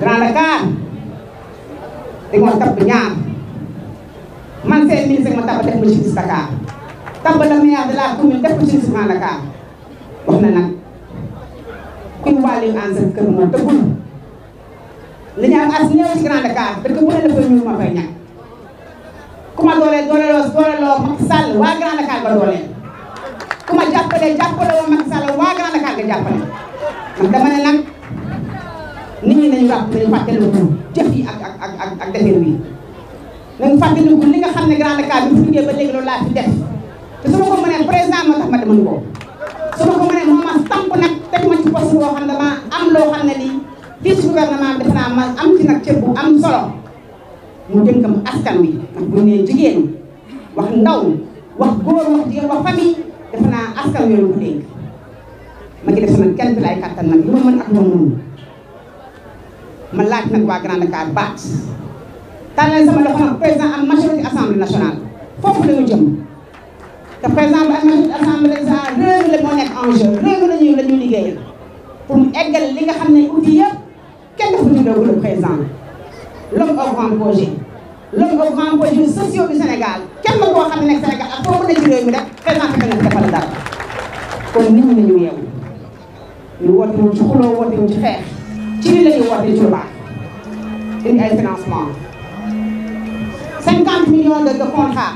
Grand Dakar di nga ma tabb ñaar man seen ministre ma tabb def ma ci liste Dakar tabb la maire de la commune def ko ci liste Grand Dakar wax na nag kuy wàllu en sa kër moo tëggul li ñu am as ñëw ci Grand Dakar dëkk bu ne la koy ñëw ma fay ñàkk ku ma dooleel dooleloo dooleloo Macky Sall waa Grand Dakar ba dooleel ku ma jàppale jàppale woo Macky Sall waa Grand Dakar nga jàppale man dama ne nag. tubaab nañu fàttaliku jëf yi ak ak ak ak defeeru yi nañu fàttaliku li nga xam ne Grand Dakar bi mu duggee ba léegi loolu laa fi def te ma ko mënee président moo ma demoon ko nag teg ma ci poste boo xam ne ma am ci nag cër am solo mu dénkam askan wi ndax bu nee jigéen wax ndaw wax góor wax jigéen wax famille defe naa askan yooyu mu dénk ma ngi def sama kenn bi laay kàttan nag li ma mën ak moom ma laaj nag waa Grand Dakar baat tàllal sama loxo nag président am majorité assemblée nationale foofu la ñu jëm te président bi am majorité assemblée nationale réew la moo nekk enjeu réew la ñu la ñu liggéeyal pour mu eggal li nga xam ne outil yëpp kenn fu ñu doogul président l'homme au projet l'homme au projet sociaux du Sénégal kenn koo xam ne Sénégal ak foofu na ci rek président fi nga defal dara kon nit ñi nañu yeewu ñu woote wuñ ci xuloo woote wuñ ci ci li la ñu de de contrat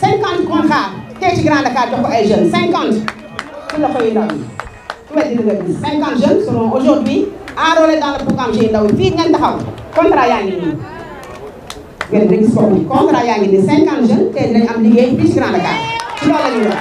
50 contrat tey ci Grand Dakar jox ko ay jeunes 50 ci loxo yu ndaw yi su wet dina gis 50 jeunes seront aujourd'hui enrôlés dans le programme Jeunes Ndaw yi fii ngeen taxaw contrat yaa ngi nii ngeen di gis foofu contrat yaa ngi nii 50 jeunes tey dinañ am liggéey fii ci Grand Dakar ci loolu la ñuy wax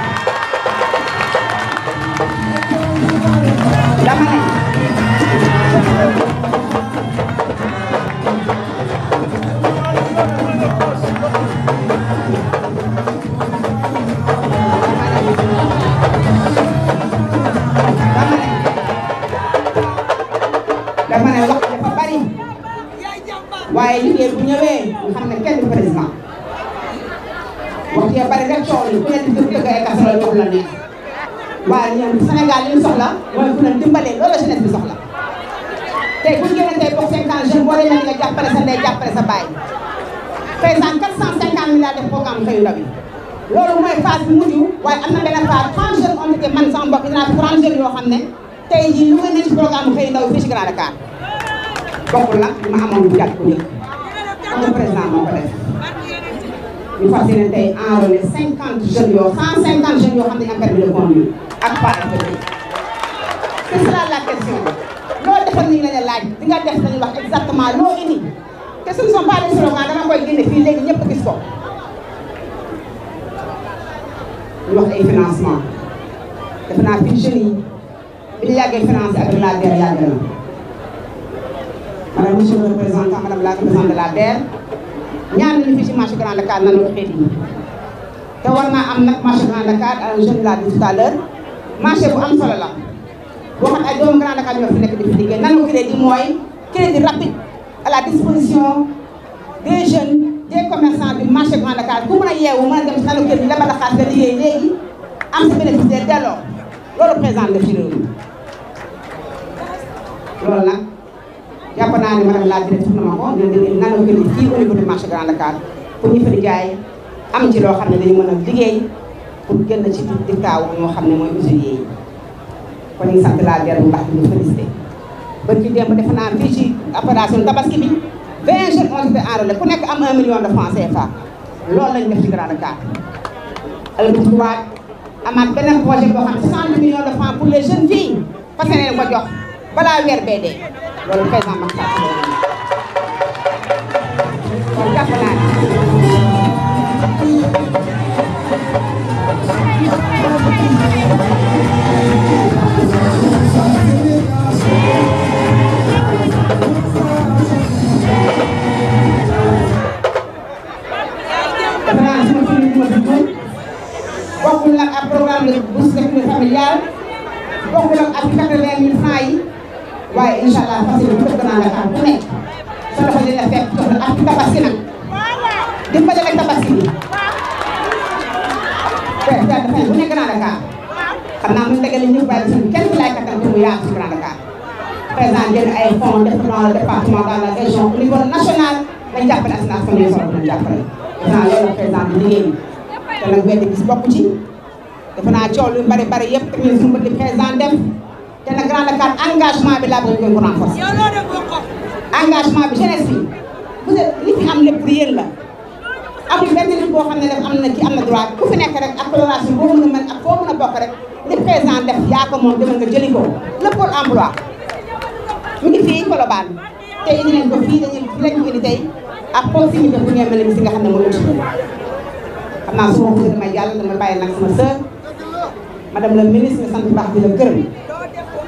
ñëwee nga xam ne kenn du président wax dëgg yàlla bari rek coow li ku ne di tëgg ay Sénégal li ñu soxla mooy ku leen dimbalee loolu la jeunesse soxla tey bu ñu génnee tey bokk 50 jeunes boo demee nga jàppale sa ndey jàppale sa baay président 450 milliards def programme xëyu ndaw yi loolu mooy phase bi mujj waaye am na benn phase 30 yoo xam ne tey jii lu ngeen ne ci programme xëyu ndaw fii ci Grand Dakar bokkul nag li ma amoon jàpp ko njëkk le président moo ko def ñu fas cinquante jeunes yoo cent cinquante jeunes yoo xam ne ñu am permis de conduire ak pas c'est cela la question loolu defal ni ñu la laaj di nga def dañuy exactement loo indi te suñu sont pas des slogans dama koy génne fii léegi ñëpp gis ko ñu wax ay financement defe naa fii jeunes yi bi ñu yàggee financé ak la guerre madame monsieur le représentant madame la représentante de la DER ñaan nañu marché Grand Dakar nañu waxee lii te war naa am nag marché Grand Dakar euh, la dit la boo la disposition des a yeewu a la xaalis nga liggéey léegi am sa bénéficiaire delloo loolu présenté fi réew mi man la direct soxna ma ko dina dina nan ni fii au niveau du marché Grand Dakar pour ñu fa jaay am ci loo xam ne dañu ma a liggéey pour génn ci di taaw ñoo xam ne mooy usiniers yi kon ñu ngi sant la gërëm bu baax di ñu félicité ba ci démb defe naa fii ci opération tabaski bi vingt jeunes ont été enrôlés ku nekk am un million de francs CFA lool lañ def ci Grand Dakar ëllëg amaat beneen projet boo xam ne cent millions de francs pour les jeunes filles parce que ne bloc ak quatre-vingt mille francs yi waaye incha allah fas yéene jox naa la ku nekk sa loxo dina fekk jox la ak tabaski nag dimbale dafa nekk bu nekk Grand Dakar xam kenn laay kattan pour mu yaatu si Grand région au niveau national dañ jàppale bi liggéey bi ci. defe a coow lu bari bari yëpp tamit suñu bëgg président def te nag Grand Dakar engagement bi laa bëgg ngeen ko renforcer. bi jeunesse bi vous li fi am lépp yéen boo xam ne def fi nekk rek ak mën a mën ak foo mën a bokk rek li président def yaa ko moom demal nga jëli ko le pôle emploi mi ngi ko fii dañuy fi xam ne moo la xam naa su ma ko may yàlla dama madame la ministre sant baax di la gërëm